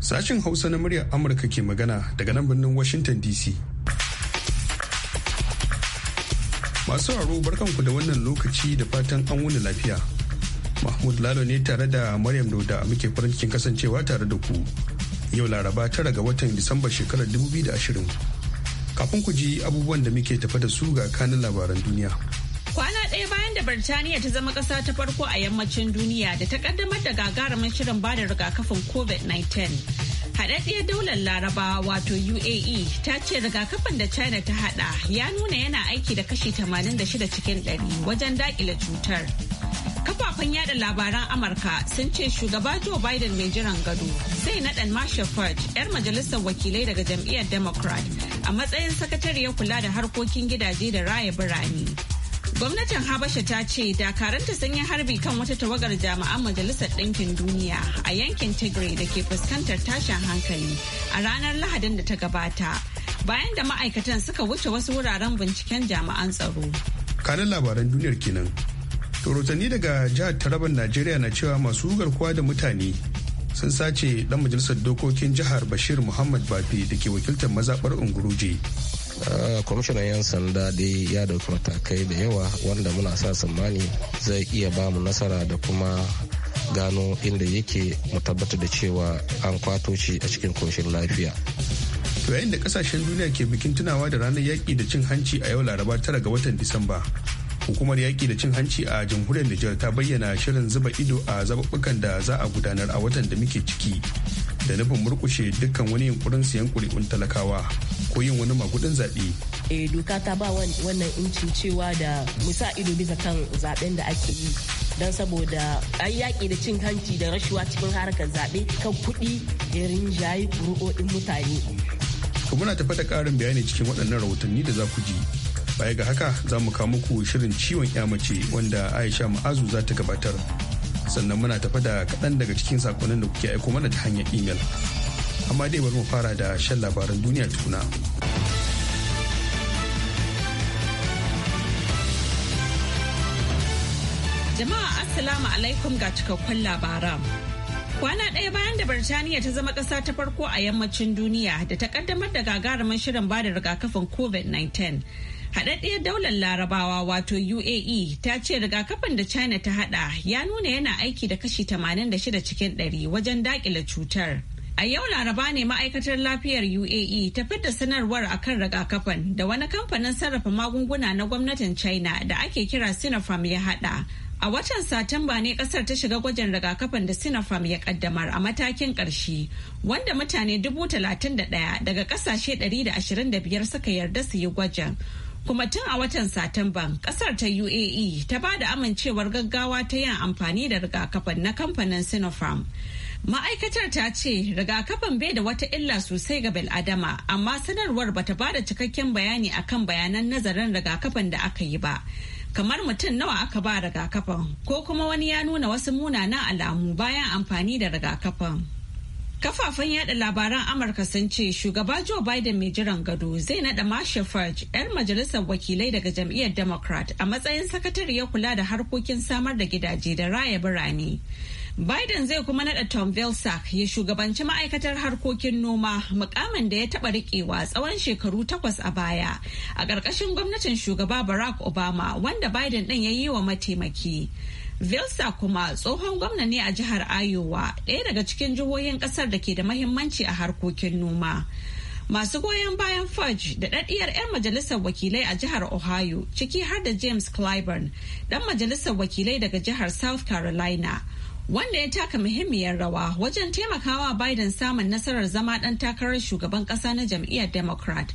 Sashen Hausa na muryar Amurka ke magana daga nan birnin Washington DC. Masu haro barkanku da wannan lokaci da fatan an wuni lafiya. Mahmud Lalo ne tare da Maryam a muke farin cikin kasancewa tare da ku. Yau Laraba tara ga watan Disamba shekarar 2020. Kafin ku ji abubuwan da muke tafa da su ga kanin labaran duniya. Kwana ɗaya bayan da Birtaniya ta zama ƙasa ta farko a yammacin duniya da ta ƙaddamar da gagarumin shirin bada rigakafin COVID-19. Haɗaɗɗiyar daular Laraba wato UAE ta ce rigakafin da China ta haɗa ya nuna yana aiki da kashi 86 cikin 100 wajen daƙile cutar. Kafafen yada labaran Amurka sun ce shugaba Joe Biden mai jiran gado zai naɗa marshall Fudge 'yar majalisar wakilai daga jam'iyyar Democrat a matsayin sakatariyar kula da harkokin gidaje da raya birane. Gwamnatin Habasha ta ce dakaranta sun yi harbi kan wata tawagar jami'an Majalisar Ɗinkin Duniya a yankin Tigray da ke fuskantar tashin hankali a ranar Lahadin da ta gabata bayan da ma'aikatan suka wuce wasu wuraren binciken jami'an tsaro. Kanin labaran duniyar kenan torotani daga jihar taraban najeriya na cewa masu garkuwa da mutane sun sace dan majalisar dokokin jihar bashir muhammad bafi da ke wakiltar mazabar unguruje ah, kwamishinan 'yan sanda dai ya dauki matakai da yawa wanda muna sa tsammani zai iya ba mu nasara da kuma gano inda yake mu tabbatar da cewa an kwato shi a cikin koshin lafiya yayin da kasashen duniya ke bikin tunawa da ranar yaƙi da cin hanci a yau laraba tara ga watan disamba hukumar yaƙi da cin hanci a jamhuriyar Nijar ta bayyana shirin zuba ido a zaɓuɓɓukan da za a gudanar a watan da muke ciki da nufin murkushe dukkan wani yunkurin siyan kuri'un talakawa ko yin wani magudin zaɓe. E doka ta ba wannan inci cewa da musa ido bisa kan zaɓen da ake yi don saboda an yaƙi da cin hanci da rashuwa cikin harkar zaɓe kan kuɗi da rinjaye kuri'o'in mutane. kuma muna tafa da ƙarin bayani cikin waɗannan rahotanni da za ku ji. baya ga haka za mu kawo muku shirin ciwon mace wanda aisha ma'azu za ta gabatar sannan muna tafa da kaɗan daga cikin sakonnin da kuke aiko mana ta hanyar imel amma dai bari mu fara da shan labaran duniya tukuna jama'a assalamu alaikum ga cikakkun labaran Kwana ɗaya bayan da Birtaniya ta zama ƙasa ta farko a yammacin duniya da ta ƙaddamar da gagarumin shirin bada rigakafin COVID-19. Haɗaɗɗiyar daular larabawa wato UAE ta ce rigakafin da China ta haɗa ya nuna yana aiki da kashi 86 cikin 100 wajen daƙile cutar. A yau laraba ne ma'aikatar lafiyar UAE ta fidda sanarwar akan rigakafin da wani kamfanin sarrafa magunguna na gwamnatin China da ake kira Sinopharm ya haɗa. A watan Satumba ne kasar ta shiga gwajin rigakafin da Sinopharm ya kaddamar a matakin ƙarshe, wanda mutane ɗaya daga ƙasashe 125 suka yarda su yi gwajin. kuma tun a watan satumban kasar ta uae ta ba da amincewar gaggawa ta yin amfani da rigakafin na kamfanin sinopharm ma'aikatar ta ce rigakafin bai da wata illa sosai ga bil'adama amma sanarwar bata ba da cikakken bayani akan bayanan nazarin rigakafin da aka yi ba kamar mutum nawa aka ba rigakafin ko kuma wani ya nuna wasu munanan alamu bayan amfani da rigakafin Kafafen yaɗa labaran Amurka sun ce shugaba Joe Biden mai jiran gado zai naɗa Marsha fudge 'yar majalisar wakilai daga jam'iyyar Democrat a matsayin ya kula da harkokin samar da gidaje da raya birane. Biden zai kuma naɗa Tom Vilsack ya shugabanci ma'aikatar harkokin noma mukamin da ya taɓa riƙewa tsawon shekaru takwas a baya a ƙarƙashin gwamnatin shugaba Barack Obama wanda Biden ɗin ya yi wa mataimaki. Velsa kuma tsohon gwamna ne a jihar Ayowa, ɗaya daga cikin jihohin ƙasar da ke da mahimmanci a harkokin noma. Masu goyon bayan Fudge da ɗaɗɗiyar 'yan majalisar wakilai a jihar Ohio, ciki har da James Clyburn, ɗan majalisar wakilai daga jihar South Carolina. wanda ya taka muhimmiyar rawa wajen taimakawa Biden samun nasarar zama ɗan takarar shugaban ƙasa na jam'iyyar Democrat.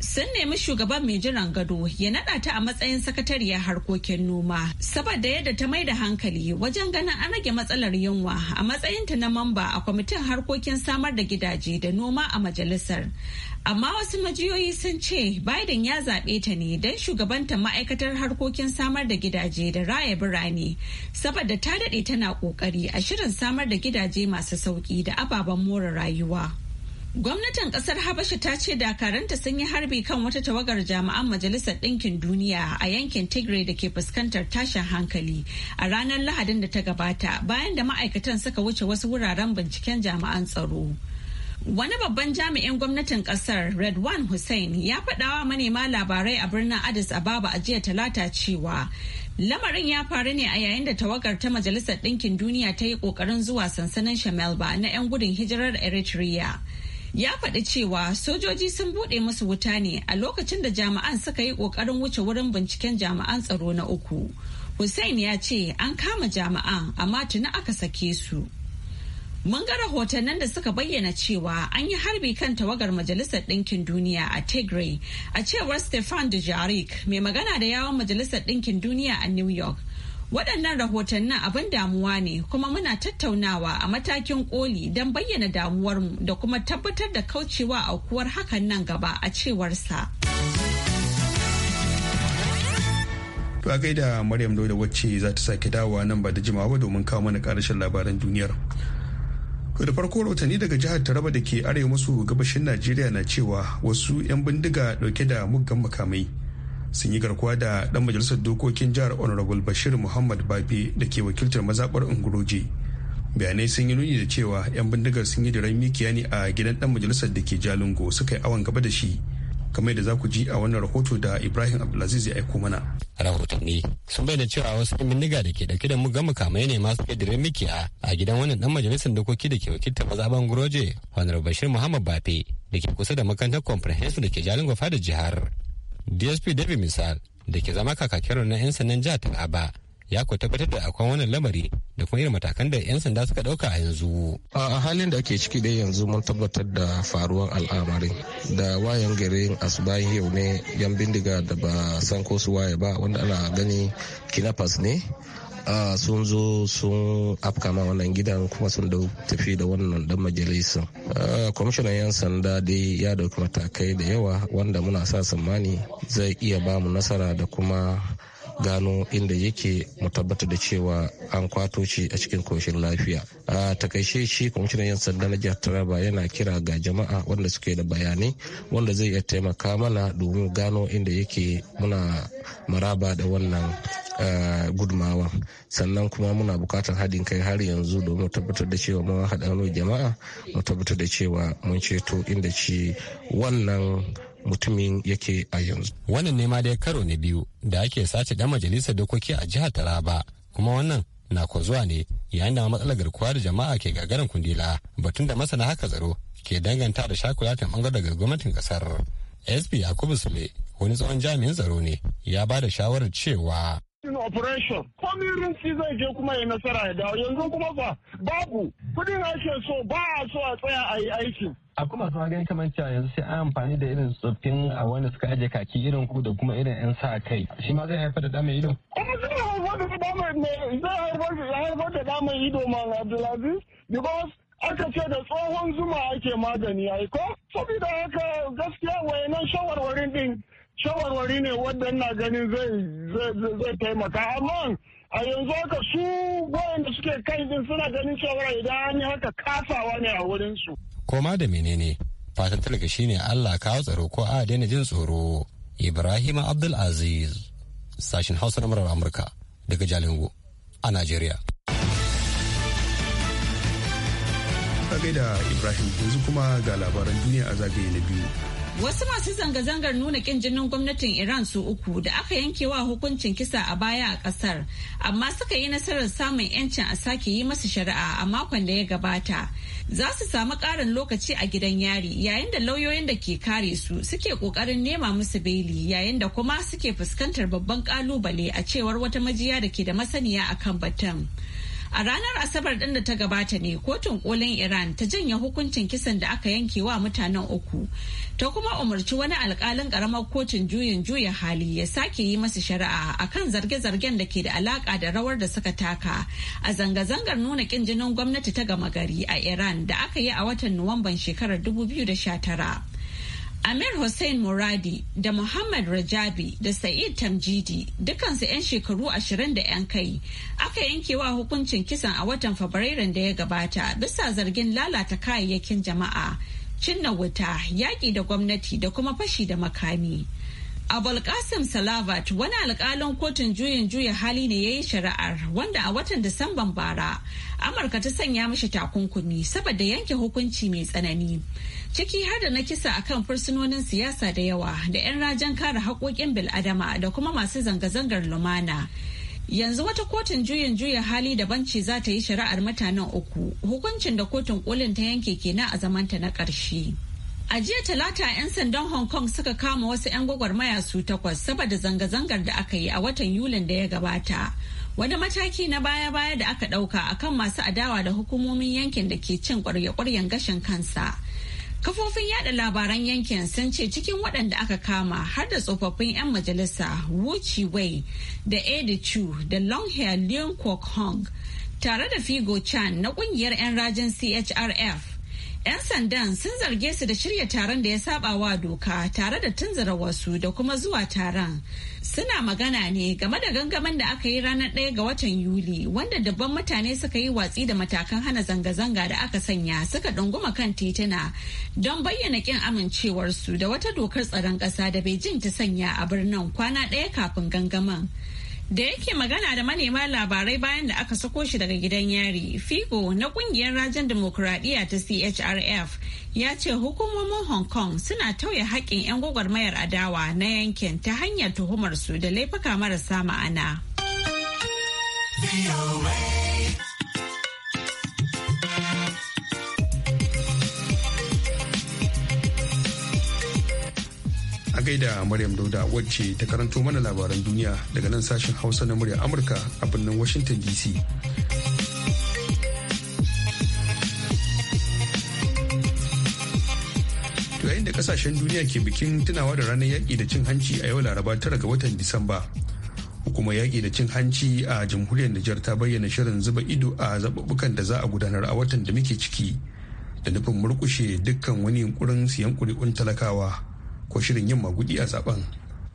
Sun nemi shugaban mai jiran gado ya naɗa ta a matsayin sakatariyar harkokin noma, saboda yadda ta mai da hankali wajen ganin an rage matsalar yunwa a matsayin ta na mamba a kwamitin harkokin samar da gidaje da noma a majalisar. Amma wasu majiyoyi sun ce Biden ya zaɓe ta ne don shugabanta ma'aikatar harkokin samar da gidaje da raya birane, saboda ta daɗe tana ƙoƙari ne a shirin samar da gidaje masu sauƙi da ababen more rayuwa. Gwamnatin kasar Habasha ta ce dakaranta sun yi harbi kan wata tawagar jami'an Majalisar Ɗinkin Duniya a yankin Tigray da ke fuskantar tashin hankali a ranar Lahadin da ta gabata bayan da ma'aikatan suka wuce wasu wuraren binciken jami'an tsaro. Wani babban jami'in gwamnatin kasar Redwan Hussein ya faɗawa manema labarai a birnin Addis Ababa a jiya talata cewa Lamarin ya faru ne a yayin da tawagar ta Majalisar Ɗinkin Duniya ta yi ƙoƙarin zuwa sansanin Shamelba na 'yan gudun hijirar Eritrea. Ya faɗi cewa sojoji sun buɗe musu wuta ne a lokacin da jama'an suka yi ƙoƙarin wuce wurin binciken jama'an tsaro na uku. Hussein ya ce an kama jama'an, amma tuni aka sake su. Mun ga rahotannin da suka bayyana cewa an yi harbi kan tawagar Majalisar Ɗinkin Duniya a Tigray, a cewar Stefan Dujarric, mai magana da yawon Majalisar Ɗinkin Duniya a New York. Waɗannan rahotannin abin damuwa ne kuma muna tattaunawa a matakin koli don bayyana damuwar mu da kuma tabbatar da kaucewa aukuwar hakan nan gaba a cewarsa. To a gaida Maryam Dauda wacce za ta sake dawowa nan ba da jimawa domin kawo mana ƙarashin labaran duniyar. To da farko rahotanni daga jihar Taraba da ke arewa maso gabashin Najeriya na cewa wasu 'yan bindiga dauke da muggan makamai sun yi garkuwa da ɗan majalisar dokokin jihar Honorable Bashir Muhammad babe da ke wakiltar mazabar Unguroji. Bayanai sun yi nuni da cewa 'yan bindigar sun yi diran mikiya ne a gidan ɗan majalisar da ke Jalingo suka yi awon gaba da shi. kamar yadda za ku ji a wannan rahoto da ibrahim abdulaziz ya aiko mana rahotanni sun bayyana cewa wasu yan bindiga da ke dauke da mu gama kamai ne masu kadirin mikiya a gidan wannan dan majalisar dokoki da ke wakiltar mazaban guroje honar bashir muhammad bafe da ke kusa da makarantar comprehensive da ke jalin gwafa da jihar dsp david misal da ke zama kakakin na 'yan sandan jihar taraba ya ku tabbatar da akwai wannan lamari da kuma irin matakan da 'yan sanda suka dauka a yanzu. a halin da ake ciki dai yanzu mun tabbatar da faruwar al'amari da wayan garin asibayin yau ne yan bindiga da ba san ko su waye ba wanda ana gani kinapas ne Uh, sun zo sun afkama wannan gidan kuma sun da tafi da wannan dan majalisa kwamishinan yan sanda dai ya dauki matakai da yawa wanda muna sa tsammani zai iya ba mu nasara da kuma gano inda yake mu tabbatar da cewa an kwato shi a cikin koshin lafiya a takaice shi kwamishinan yan sanda na jihar taraba yana kira ga jama'a wanda suke da bayanai wanda zai iya taimaka mana domin gano inda yake muna maraba da wannan gudumawa sannan kuma muna bukatar haɗin kai har yanzu domin tabbatar da cewa mun haɗa jama'a mu tabbatar da cewa mun ceto inda ci wannan mutumin yake a yanzu. Wannan ne dai karo na biyu da ake sace dan majalisar dokoki a jihar Taraba kuma wannan na ko zuwa ne yayin da matsalar garkuwa da jama'a ke gagarin kundila batun da masana haka tsaro ke danganta da shakulatin bangar daga gwamnatin kasar. SP Yakubu Sule wani tsohon jami'in tsaro ne ya ba da shawarar cewa in operation irin si zai je kuma ya nasara ya dawo yanzu kuma fa babu kudin ake so ba a so a tsaya a yi aikin akwai masu magani kamar cewa yanzu sai an amfani da irin tsoffin a wanda suka aje kaki irin ku da kuma irin yan sa kai shi ma zai haifar da dama ido kuma zai haifar da dama ido zai haifar da da ido ma abdulaziz because aka ce da tsohon zuma ake magani yi ko saboda haka gaskiya wayannan shawarwarin din shawarwari ne wanda ina ganin zai taimaka amma a yanzu haka su da suke kai din suna ganin cewa idan an yi haka kasawa ne a wurinsu su koma da menene fatan talaka shine Allah kawo tsaro ko a daina jin tsoro Ibrahim Abdul Aziz sashen Hausa na murar Amurka daga Jalingo a Najeriya Ka Ibrahim yanzu kuma ga labaran duniya a zagaye na biyu Wasu masu zanga-zangar nuna kin jinin gwamnatin Iran su uku da aka yanke wa hukuncin kisa a baya a kasar, amma suka yi nasarar samun 'yancin a sake yi masu shari'a a makon da ya gabata. Za su samu ƙarin lokaci a gidan yari yayin da lauyoyin da ke kare su suke ƙoƙarin nema musu beli yayin da kuma suke fuskantar babban ƙalubale a cewar wata majiya da ke da masaniya akan kan batun. A ranar Asabar ɗin da ta gabata ne kotun kolin Iran ta janye hukuncin kisan da aka yanke wa mutanen uku. Ta kuma umarci wani alkalin ƙaramar kotun juyin juya hali ya sake yi masa shari'a akan zarge-zargen da ke da alaƙa da rawar da suka taka a zanga-zangar nuna ƙin jinin gwamnati ta gama gari a Iran da aka yi a watan Nuwamban shekarar 2019. Amir Hussein Muradi da Muhammad Rajabi da Sa'id Tamjidi dukansu 'yan shekaru ashirin da 'yan kai aka yanke wa hukuncin kisan a watan Fabrairun da ya gabata bisa zargin lalata kayayyakin jama'a, cinna wuta, yaƙi da gwamnati da kuma fashi da makami. Abulkasim Salavat wani alkalin kotun juyin juya hali ne ya yi shari'ar wanda a watan Disamban bara Amurka ta sanya mashi takunkumi saboda yanke hukunci mai tsanani. Ciki har da na kisa akan fursunonin siyasa da yawa da 'yan rajan kare haƙoƙin bil'adama da kuma masu zanga-zangar lumana. Yanzu wata kotun juyin juya hali da banci za ta yi shari'ar mutanen uku hukuncin da kotun kolin ta yanke kenan a zamanta na ƙarshe. A jiya talata 'yan sandan Hong Kong suka kama wasu 'yan gwagwarmaya su takwas saboda zanga-zangar da aka yi a watan Yulin da ya gabata. Wani mataki na baya-baya da aka ɗauka kan masu adawa da hukumomin yankin da ke cin ƙwarya-ƙwaryen gashin kansa. Kafofin yada labaran yankin sun ce cikin waɗanda aka kama har da tsofaffin 'yan majalisa Wu Wei da Eddie Chu da Hair Leon Kwok Hong tare da Figo Chan na ƙungiyar 'yan rajin CHRF 'Yan sandan sun zarge su da shirya taron da ya saba wa doka tare da tunzara wasu da kuma zuwa taron. Suna magana ne game da gangamin da aka yi ranar ɗaya ga watan Yuli wanda dabban mutane suka yi watsi da matakan hana zanga-zanga da aka sanya suka ɗunguma kan tituna don bayyana ƙin amincewarsu da wata dokar tsaron ƙasa da Beijing ta sanya a birnin kwana ɗaya kafin gangamin. da yake magana da manema labarai bayan da aka sako shi daga gidan yari figo na kungiyar rajin demokuraɗiyya ta chrf ya ce hukumomin hong kong suna tauye haƙƙin 'yan gwagwarmayar adawa na yankin ta hanyar tuhumarsu da laifuka marasa ma'ana. gaida Maryam Dauda wacce ta karanto mana labaran duniya daga nan sashen Hausa na murya Amurka a birnin Washington DC. yayin da kasashen duniya ke bikin tunawa da ranar yaƙi da cin hanci a yau laraba tara ga watan disamba kuma yaƙi da cin hanci a jamhuriyar nijar ta bayyana shirin zuba ido a zaɓuɓɓukan da za a gudanar a watan da muke ciki da nufin murkushe dukkan wani yunkurin siyan ƙuri'un talakawa ko shirin yin magudi a zaben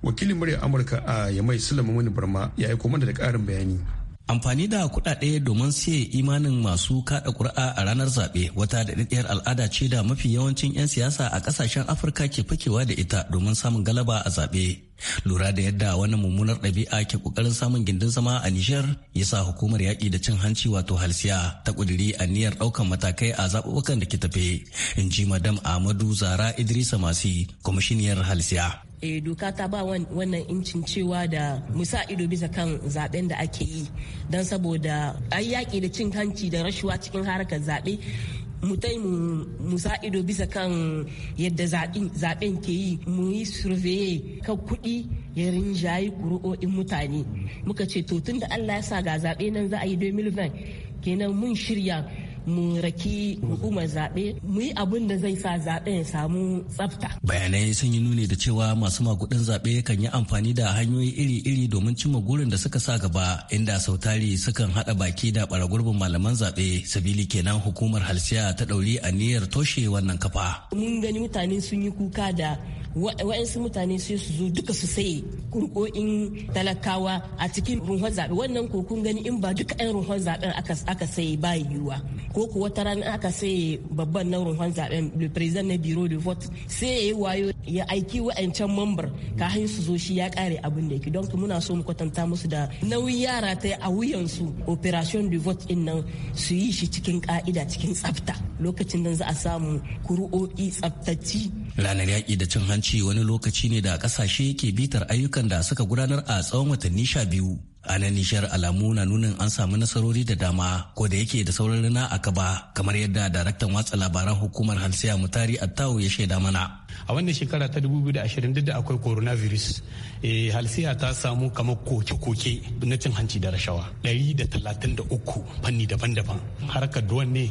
wakilin murya amurka a yamai sulaiman barma ya aiko mana da karin bayani amfani da kudade domin siye imanin masu kada kura a ranar zaɓe wata daɗaɗɗiyar al'ada ce da mafi yawancin 'yan siyasa a ƙasashen afirka ke fakewa da ita domin samun galaba a zaɓe lura da yadda wannan mummunar ɗabi'a ke kokarin samun gindin zama a Nijar ya sa hukumar yaƙi da cin hanci wato halsiya ta ƙudiri niyyar ɗaukan matakai a zaɓuɓɓukan da ke tafe in ji madam amadu Zara Idrisa Masi kwamishiniyar halsiya. E, doka ta ba wannan incin cewa da musa ido bisa kan zaɓen da ake yi don saboda ayyaki yaƙi da cin hanci da rashuwa cikin harkar zaɓe mu tai mu sa bisa kan yadda zaben ke yi mu yi surveye ka kuɗi ya rinjayi kuru'o'in mutane muka ce to tun da allah ya sa ga zaɓe nan za a yi 2020 kenan mun shirya mu raki hukumar zaɓe mu yi abin da zai sa zaɓe ya samu tsafta. Bayanai sun yi nuni da cewa masu magudan zaɓe kan yi amfani da hanyoyi iri-iri domin cimma gurin da suka sa gaba inda sautari sukan haɗa baki da gurbin malaman zaɓe sabili kenan hukumar halsiya ta ɗauri aniyar toshe wannan kafa. Mun gani mutane sun yi kuka da wa'yansu mutane sai su zo duka su saye kurkoin talakawa a cikin ruhon zaɓe wannan ko kun gani in ba duka 'yan ruhon zaɓen aka saye ba yiwuwa ko kuwa ta ran aka sai babban na rumfan zaben president na biro de vote sai ya yi wayo ya aiki wa'ancan mambar kafin su zo shi ya kare abin da yake don muna so mu kwatanta musu da nauyin yara ta a wuyan su. operation de vote in nan su yi shi cikin ka'ida cikin tsafta lokacin nan za a samu kuru'o'i tsaftaci ranar yaƙi da cin hanci wani lokaci ne da ƙasashe ke bitar ayyukan da suka gudanar a tsawon watanni sha biyu a nan nishiyar alamu na nunin an samu nasarori da dama ko da yake da sauran rina a kaba kamar yadda daraktan watsa labaran hukumar halsiya mutari attawo ya shaida mana a wannan shekara ta 2020 da akwai coronavirus eh, halsiya ta samu kamar koke-koke na cin hanci da rashawa 133 fanni daban-daban harkar duwan ne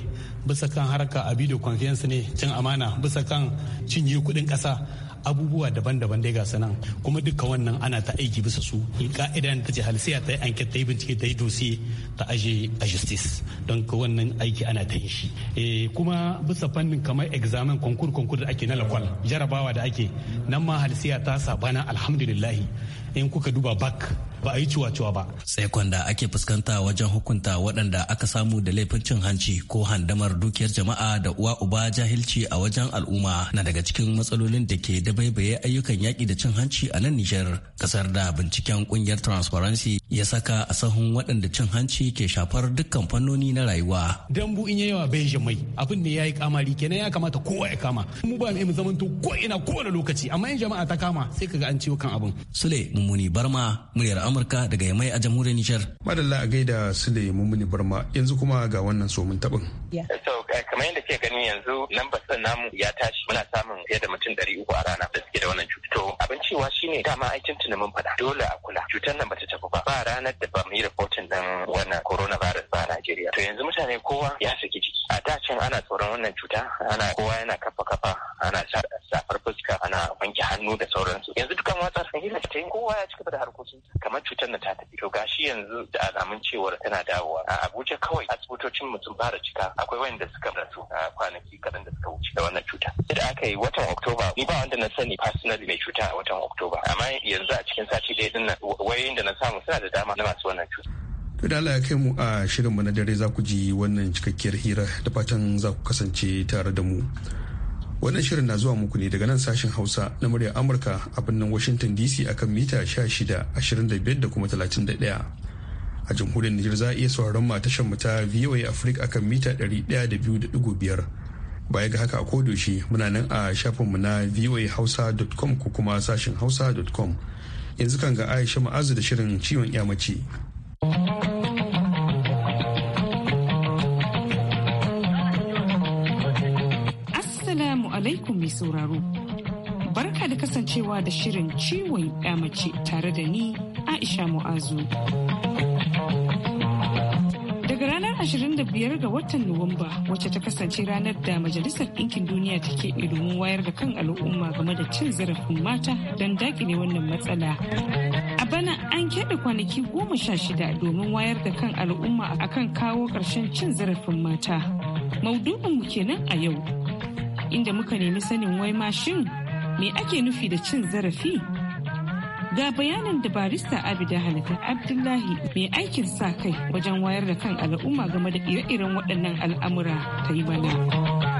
bisa kan harkar abido confiance ne cin amana bisa kan cinye kuɗin ƙasa abubuwa daban-daban dai ga sanan kuma duka wannan ana ta aiki bisa su ka'ida ta ce halsiya ta yi anket ta yi bincike ta yi dosiye ta aje a justice don ka wannan aiki ana ta yin shi eh, kuma bisa fannin kamar examen konkur konkur da ake na lakwal jarabawa da ake nan ma halsiya ta sabana alhamdulillahi in kuka duba bak ba a yi ciwa-ciwa ba. Tsaikon da ake fuskanta wajen hukunta waɗanda aka samu da laifin cin hanci ko handamar dukiyar jama'a da uwa uba jahilci a wajen al'umma na daga cikin matsalolin da ke dabaibaye ayyukan yaƙi da cin hanci a nan Nijar. Kasar da binciken ƙungiyar Transparency ya saka a sahun waɗanda cin hanci ke shafar dukkan fannoni na rayuwa. Dambu in yawa bai mai abin ne ya yi kamari kenan ya kamata kowa ya kama. Mu ba mu to ko ina kowane lokaci amma in jama'a ta kama sai kaga an ciwo kan abin. Sule Mummuni Barma muryar Amurka daga Yamai a jamhuriyar Nijar. Madalla a gaida Sule Mummuni Barma yanzu kuma ga wannan somin taɓin. So eh, kamar yadda ke gani yanzu lambar ɗin namu ya tashi muna samun fiye da mutum ɗari uku a rana da suke da wannan cutar. To abin cewa shine dama aikin tuntuna fada dole a kula cutar nan bata tafi ba. ranar da ba mu yi rahoton din wannan coronavirus ba a Najeriya. To yanzu mutane kowa ya saki ciki. A da can ana tsoron wannan cuta, ana kowa yana kafa kafa, ana safar fuska, ana wanke hannu da sauransu. Yanzu dukan watsa yi ta yi kowa ya cika da harkokin kamar cutar na ta tafi. To gashi yanzu da alamun cewar tana dawowa. A Abuja kawai asibitocin mu sun fara cika. Akwai wanda suka rasu a kwanaki kaɗan da suka wuce da wannan cuta. Da aka yi watan Oktoba, ni ba wanda na sani personally mai cuta a watan Oktoba. Amma yanzu a cikin sati ɗaya ɗin nan wayoyin da na samu suna da da dama na masu wannan cuta. da ya kai mu a shirinmu na dare za ku ji wannan cikakkiyar hira da fatan za ku kasance tare da mu. Wannan shirin na zuwa muku ne daga nan sashen Hausa na muryar Amurka a birnin Washington DC a kan mita 16, da kuma 31. a jamhuriyar Nijar za a iya sauraron mu tashar mu ta VOA Africa kan mita 102.5 baya ga haka a kodoshi muna nan a shafinmu na voahausa.com ko kuma sashin hausa.com yanzu kan ga aisha ma'azu da shirin ciwon mace. assalamu alaikum mai sauraro barka da kasancewa da shirin ciwon mace tare da ni aisha mu'azu ranar 25 ga watan Nuwamba wacce ta kasance ranar da Majalisar Ɗinkin Duniya take domin wayar da kan al'umma game da cin zarafin mata don dakile wannan matsala. A bana an keɓe kwanaki goma sha shida domin wayar da kan al'umma akan kawo ƙarshen cin zarafin mata. mu kenan a yau, inda muka nemi sanin wai ma shin me ake nufi da cin zarafi? Ga bayanin da barista Abida Halitta Abdullahi mai aikin sa kai wajen wayar da kan al'umma game da ire-iren waɗannan al'amura ta yi mana.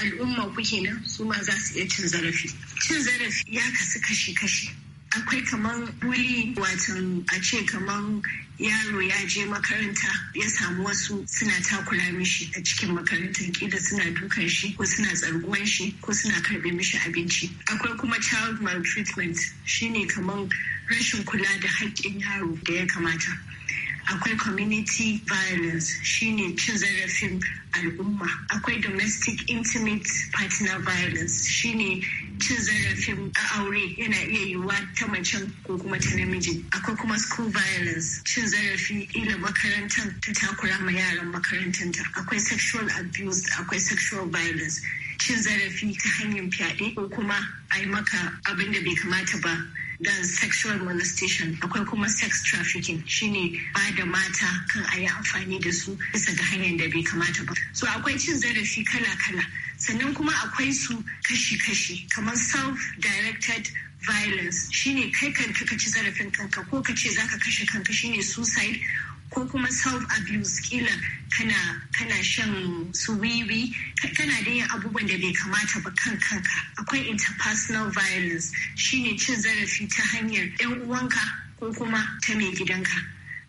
al'umma ku kenan su ma za su iya cin zarafi cin zarafi ya kasu kashi-kashi akwai kaman wuli watan a ce kaman yaro ya je makaranta ya samu wasu suna takula mishi a cikin makarantar kila suna dukan shi ko suna tsarguwan shi ko suna karbe mishi abinci akwai kuma child maltreatment shine kaman rashin kula da haƙƙin yaro da ya kamata akwai community violence shine cin zarafin al'umma akwai domestic intimate partner violence shine cin zarafin a aure yana iya yiwuwa ta macen ko kuma ta namiji akwai kuma school violence cin zarafi ila makarantar ta takura ma yaran makarantanta akwai sexual abuse akwai sexual violence cin zarafi ta hanyar fyaɗe ko kuma a yi maka abin da bai kamata ba da sexual molestation akwai kuma sex trafficking shine ba da mata kan a yi amfani da su bisa ga hanyar da bai kamata ba so akwai cin zarafi kala-kala sannan kuma akwai su kashi-kashi kamar self-directed violence shine kai kanka ka ci zarafin kanka ko ka ce zaka kashe kanka shine suicide ko kuma self abuse kila kana kana shan su wiwi kana da yin abubuwan da bai kamata ba kan kanka akwai interpersonal violence shine cin zarafi ta hanyar yan uwanka ko kuma ta mai gidanka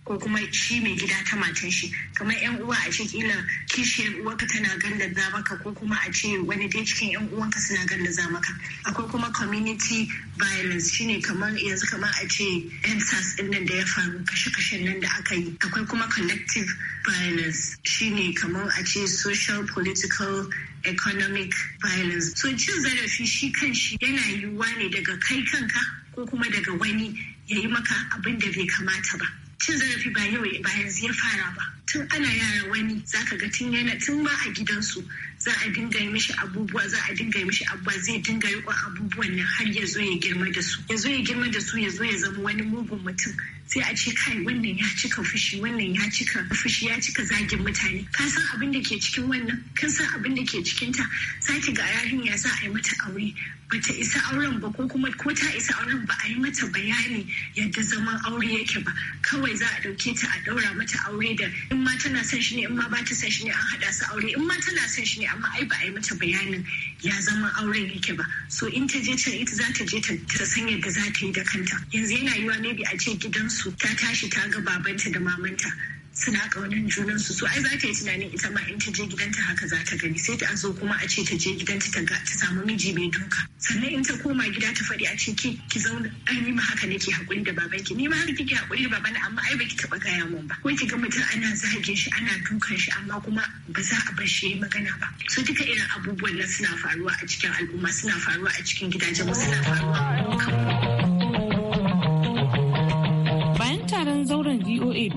ko kuma shi mai gida ta matan shi kamar yan uwa a ce kila kishiyar uwarka tana za maka ko kuma a ce wani dai cikin yan uwanka suna za maka akwai kuma community violence shine kamar yanzu kamar a ce yan sas din da ya faru kashe kashe nan da aka yi akwai kuma collective violence shine kamar a ce social political economic violence so cin zarafi shi kan shi yana yiwuwa ne daga kai kanka ko kuma daga wani ya yi maka abin da bai kamata ba cin zarafi ba yau ba yanzu ya fara ba tun ana yara wani zaka ga tun yana tun ba a gidansu za a dinga yi mishi abubuwa za a dinga yi mishi abubuwa zai dinga riƙon abubuwan nan har ya zo ya girma da su ya zo ya girma da su ya zo ya zama wani mugun mutum sai a ce kai wannan ya cika fushi wannan ya cika fushi ya cika zagin mutane ka san abin da ke cikin wannan kan san abin da ke cikin cikinta sake ga yarin ya za a yi mata aure bata isa auren ba ko kuma ko ta isa auren ba a yi mata bayani yadda zaman aure yake ba kawai za a ɗauke ta a ɗaura mata aure da ma tana son shi ne in ma ba ta son shi ne an haɗa su aure in ma tana son shi ne amma ai ba a yi mata bayanin ya zama auren yake ba so in ta je can ita za ta je ta san yadda za ta yi da kanta yanzu yana yiwa ne bi a ce gidansu ta tashi ta ga babanta da mamanta suna ƙaunin junan su so ai za ta yi tunanin ita ma in ta je gidanta haka za ta gani sai ta zo kuma a ce ta je gidanta ta ga ta samu miji mai duka sannan in ta koma gida ta faɗi a ce ki ki zauna ai ni ma haka nake hakuri da babanki ni ma haka kike hakuri da babana amma ai baki taɓa gaya mun ba ko ki ga mutum ana zage shi ana dukan shi amma kuma ba za a bar shi yayi magana ba so duka irin abubuwan nan suna faruwa a cikin al'umma suna faruwa a cikin gidajen suna faruwa a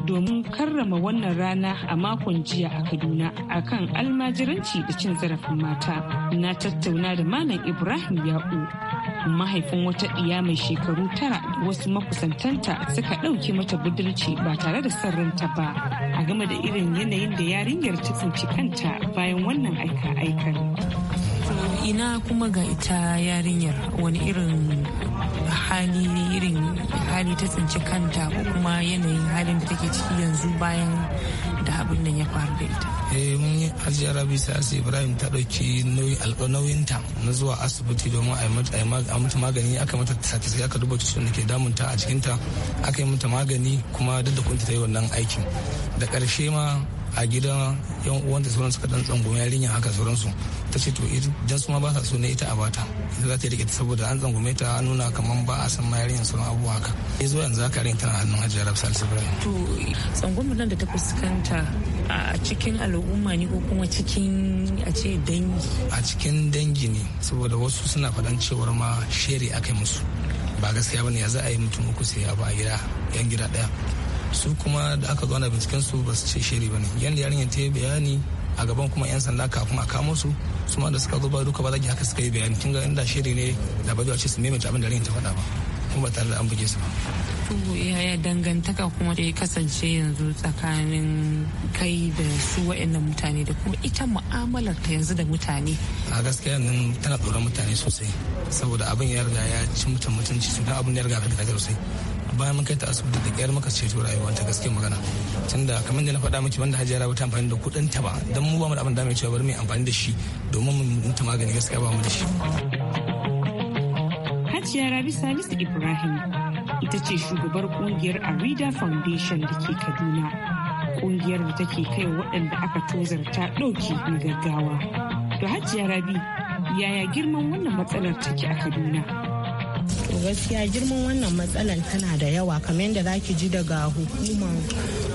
domin karrama wannan rana a makon jiya a Kaduna akan almajiranci da cin zarafin mata. Na tattauna da Malam Ibrahim Ya'u mahaifin wata ɗiya mai shekaru tara da wasu makusantanta suka ɗauke mata budurci ba tare da son ba a game da irin yanayin da yarinyar ta tsinci kanta bayan wannan aika aikan Ina kuma ga ita yarinyar wani irin hali irin hali ta tsinci kanta ko kuma yanayin halin da take ciki yanzu bayan da abin nan ya faru da ita. Eh mun yi ajiyar Rabi Sa'asi Ibrahim ta ɗauki nauyin ta na zuwa asibiti domin a yi mata magani aka mata satisfi aka duba cutar da ke damun ta a cikinta aka yi mata magani kuma duk da kunta ta yi wannan aikin. Da ƙarshe ma a gidan yan uwanta sauran suka dan tsangwami yarinya haka sauransu ta ce to idan su ma ba sa so ne ita a bata ita za ta rike ta saboda an tsangwame ta an nuna kamar ba a san ma yarinyar sauran abubuwa haka ya zo yanzu aka rin tana hannun hajjiyar rafsal sabrai. to tsangwamar nan da ta fuskanta a cikin al'umma ne ko kuma cikin a ce dangi. a cikin dangi ne saboda wasu suna faɗan cewar ma shere aka yi musu ba gaskiya bane ya za a yi mutum uku sai ba a gida yan gida ɗaya su kuma da aka zo na binciken su ba su ce shiri ba ne yadda yarinyar ta yi bayani a gaban kuma 'yan sanda kafin a kamo su su ma da suka zo ba duka ba zagi haka suka yi bayani kin ga inda shiri ne da ba zuwa ce su maimaita abin da yarinyar ta faɗa ba kuma ba tare da an buge su ba. yaya dangantaka kuma ya kasance yanzu tsakanin kai da su wa'annan mutane da kuma ita mu'amalar ta yanzu da mutane a gaskiya nan tana tsoron mutane sosai saboda abin ya riga ya ci mutum mutunci su abin ya riga ka sosai bayan mun kai ta asibiti da kyar maka ceto ta ta gaske magana tunda kamar da na faɗa miki banda hajjara ba ta amfani da kuɗin ta ba dan mu ba mu da abin da mai cewa bari mu amfani da shi domin mu ta magani gaskiya ba mu da shi Hajiya Rabi Salisu Ibrahim ita ce shugabar kungiyar Arida Foundation da ke Kaduna kungiyar da take kai waɗanda aka tozarta ɗauki na gaggawa to Hajiya Rabi yaya girman wannan matsalar take a Kaduna to gaskiya girman wannan matsalar tana da yawa kamar yadda zaki ji daga hukumar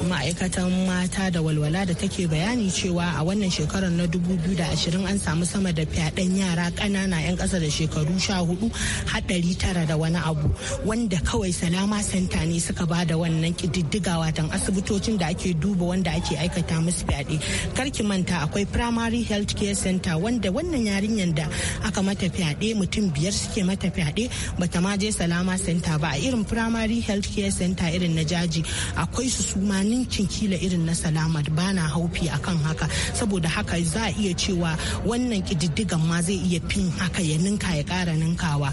ma'aikatan mata da walwala da take bayani cewa a wannan shekarar na 2020 an samu sama da fyaɗen yara ƙanana 'yan ƙasa da shekaru hudu haɗari tara da wani abu wanda kawai salama santa ne suka ba da wannan ƙididdiga watan asibitocin da ake duba wanda ake aikata musu fyaɗe karki manta akwai primary health care center wanda wannan yarinyar da aka mata fyaɗe mutum biyar suke mata fyaɗe bata ma ma je salama center ba a irin primary health care center irin na jaji akwai su suma ninkin kila irin na salama ba na haufi akan haka saboda haka za a iya cewa wannan kididdigan ma zai iya fin haka ya ninka ya kara ninkawa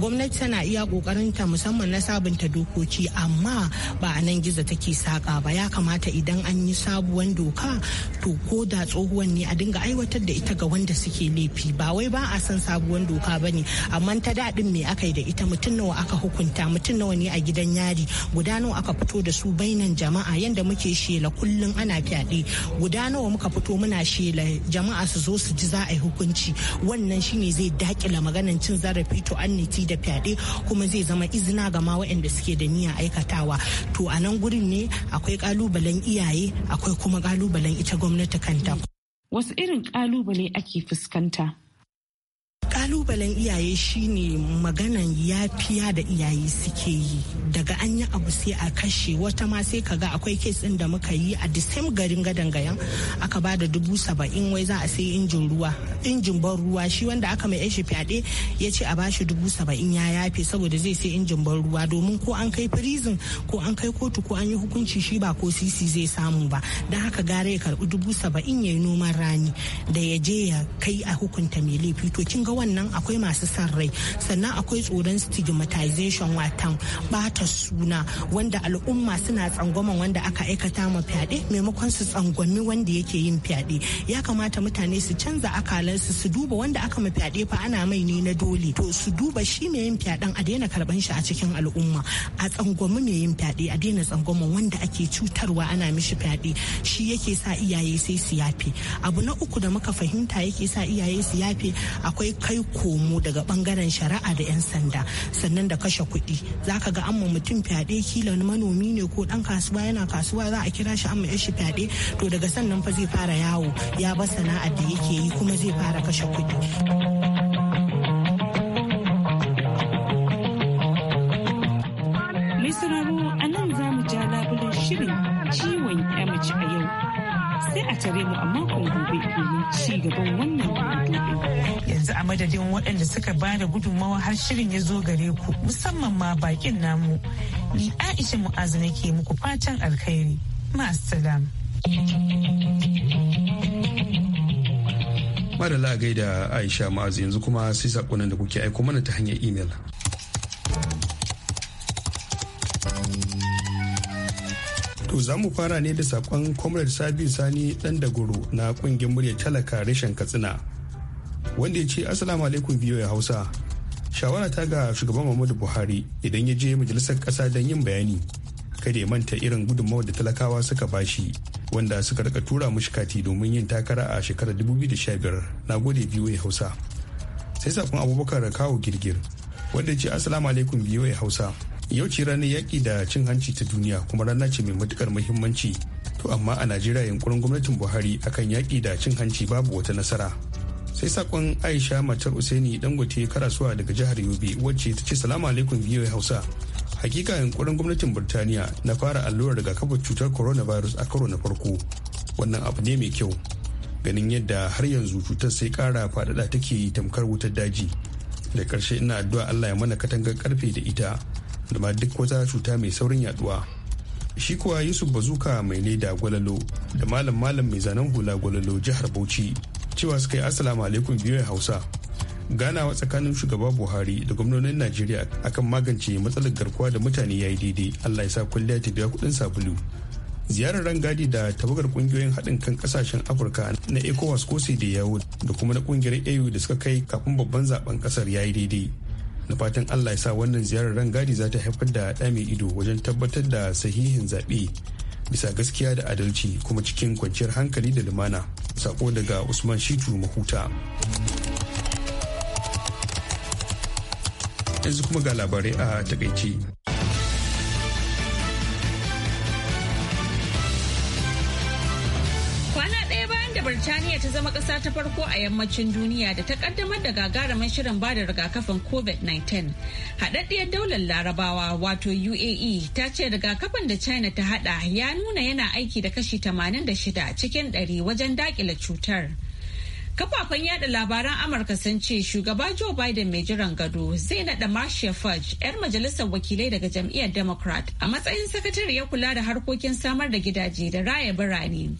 gwamnati tana iya kokarinta musamman na sabunta dokoki amma ba a nan gizo take saka ba ya kamata idan an yi sabuwan doka to ko da tsohuwan ne a dinga aiwatar da ita ga wanda suke laifi ba wai ba a san sabuwan doka ba ne amma ta daɗin me aka yi da ita mutum nawa aka hukunta mutum nawa ne a gidan yari guda nawa aka fito da su bainan jama'a yanda muke shela kullum ana fyaɗe guda nawa muka fito muna shela jama'a su zo su ji za a yi hukunci wannan shine zai dakila maganan cin zarafi to anniti da fyaɗe kuma zai zama izina ga ma waɗanda suke da niyya aikatawa to a nan gurin ne akwai kalubalen iyaye akwai kuma kalubalen ita gwamnati kanta wasu irin kalubale ake fuskanta kalubalen iyaye shine maganan yafiya da iyaye suke yi daga an yi abu sai a kashe wata ma sai ka ga akwai kes din da muka yi a the same garin gadan gayan aka ba da dubu saba'in wai za a sai injin ruwa injin ban ruwa shi wanda aka mai yashi fyaɗe ya ce a bashi dubu saba'in ya yafe saboda zai sai injin ban ruwa domin ko an kai prison ko an kai kotu ko an yi hukunci shi ba ko sisi zai samu ba don haka gara ya karbi dubu saba'in ya yi noman rani da ya je ya kai a hukunta mai laifi to kin ga wannan sannan akwai masu san rai sannan akwai tsoron stigmatization watan bata suna wanda al'umma suna tsangwaman wanda aka aikata ma fyaɗe maimakon su tsangwami wanda yake yin fyaɗe ya kamata mutane su canza akalansu su duba wanda aka ma fyaɗe fa ana mai ne na dole to su duba shi mai yin fyaɗen a daina karban shi a cikin al'umma a tsangwami mai yin fyaɗe a daina tsangwaman wanda ake cutarwa ana mishi fyaɗe shi yake sa iyaye sai su yafe abu na uku da muka fahimta yake sa iyaye su yafe akwai kai sai komo daga bangaren shari'a da 'yan sanda sannan da kashe kuɗi za ka ga amma mutum fyaɗe kila manomi ne ko ɗan kasuwa yana kasuwa za a kira shi amma shi fyaɗe to daga sannan fa zai fara yawo ya ba sana'ar da yake yi kuma zai fara kashe kuɗi. shirin ciwon mace a yau sai a tare mu a makon gobe domin ci gaban madadin waɗanda suka ba da gudunmawa har shirin ya zo gare ku musamman ma bakin namu. Ni Aisha Mu'azu nake muku fatan alkhairi. Ma'asalam. Madalla gaida Aisha Mu'azu yanzu kuma sai sakonan da kuke aiko mana ta hanyar imel. To za mu fara ne da sakon Comrade Sabi Sani ɗan da na ƙungiyar murya talaka reshen Katsina. wanda ya ce assalamu alaikum biyo ya hausa shawara ta ga shugaban muhammadu buhari idan ya je majalisar ƙasa don yin bayani kada ya manta irin gudunmawar da talakawa suka bashi wanda suka rika tura mushi kati domin yin takara a shekarar dubu biyar. na gode biyo ya hausa sai sakon abubakar kawo girgir wanda ya ce assalamu alaikum biyo ya hausa yau ce ranar yaƙi da cin hanci ta duniya kuma rana ce mai matukar muhimmanci to amma a najeriya yunkurin gwamnatin buhari akan yaƙi da cin hanci babu wata nasara sai sakon aisha matar usaini dangote karasuwa daga jihar yobe wacce ta ce salamu alaikum biyu hausa hakika yankurin gwamnatin burtaniya na fara allurar kafa cutar coronavirus a karo na farko wannan abu ne mai kyau ganin yadda har yanzu cutar sai kara faɗaɗa take tamkar wutar daji da ƙarshe ina addu'a allah ya mana katangar karfe da ita da ma duk wata cuta mai saurin yaduwa shi kuwa yusuf bazuka mai leda gwalalo da malam malam mai zanen hula gwalalo jihar bauchi cewa suka yi assalamu alaikum biyu hausa ganawa tsakanin shugaba buhari da gwamnonin najeriya akan magance matsalar garkuwa da mutane ya yi daidai allah ya sa kwalliya ta biya kudin sabulu ziyarar rangadi da tawagar kungiyoyin haɗin kan kasashen afirka na ecowas ko sai da yawo da kuma na kungiyar au da suka kai kafin babban zaben kasar ya yi daidai na fatan allah ya sa wannan ziyarar rangadi za ta haifar da ɗa mai ido wajen tabbatar da sahihin zaɓe bisa gaskiya da adalci kuma cikin kwanciyar hankali da lumana sako daga usman shitu mahuta yanzu kuma ga labarai a takaici ta zama ƙasa ta farko a yammacin duniya da ta ƙaddamar da gagarumin shirin ba da rigakafin COVID-19. Haɗaɗɗiyar daular Larabawa wato UAE ta ce rigakafin da China ta haɗa ya nuna yana aiki da kashi 86 cikin 100 wajen daƙile cutar. Kafafen yada labaran Amurka sun ce shugaba Joe Biden mai jiran gado zai nada Marcia Fudge 'yar majalisar wakilai daga jam'iyyar Democrat a matsayin sakatare ya kula da harkokin samar da gidaje da raya birane.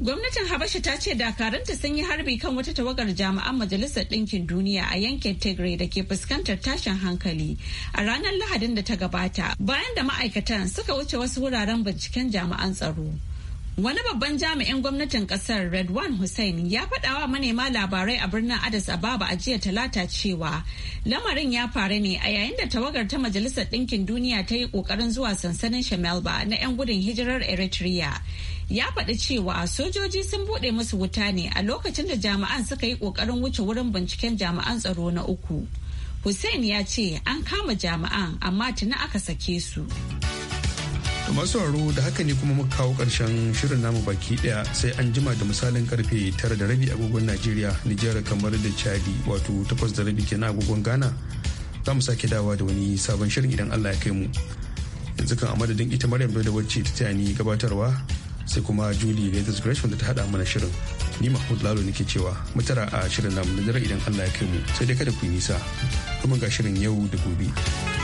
Gwamnatin Habasha ta ce dakaranta sun yi harbi kan wata tawagar jami'an Majalisar Ɗinkin Duniya a yankin Tigray da ke fuskantar tashin hankali a ranar Lahadin da ta gabata bayan da ma'aikatan suka wuce wasu wuraren binciken jami'an tsaro. Wani babban jami'in gwamnatin kasar Redwan Hussein ya faɗawa manema labarai a birnin Addis Ababa a jiya talata cewa lamarin ya faru ne a yayin da tawagar ta Majalisar Ɗinkin Duniya ta yi ƙoƙarin zuwa sansanin Shemelba na 'yan gudun hijirar Eritrea. Ya faɗi cewa sojoji sun buɗe musu wuta ne a lokacin da jami'an suka yi ƙoƙarin wuce wurin binciken jami'an tsaro na uku. Hussein ya ce an kama jami'an amma tuni aka sake su. masu sauraro da haka ne kuma muka kawo karshen shirin namu baki daya sai an jima da misalin karfe tara da rabi agogon najeriya nijar kamar da chadi wato takwas da rabi kenan agogon ghana za mu sake dawa da wani sabon shirin idan allah ya kai mu yanzu kan a madadin ita maryam da wacce ta taya ni gabatarwa sai kuma julie latest gresham da ta hada mana shirin ni mahmud lalo nake cewa mutara a shirin namu na idan allah ya kai mu sai dai kada ku yi nisa kuma ga shirin yau da gobe.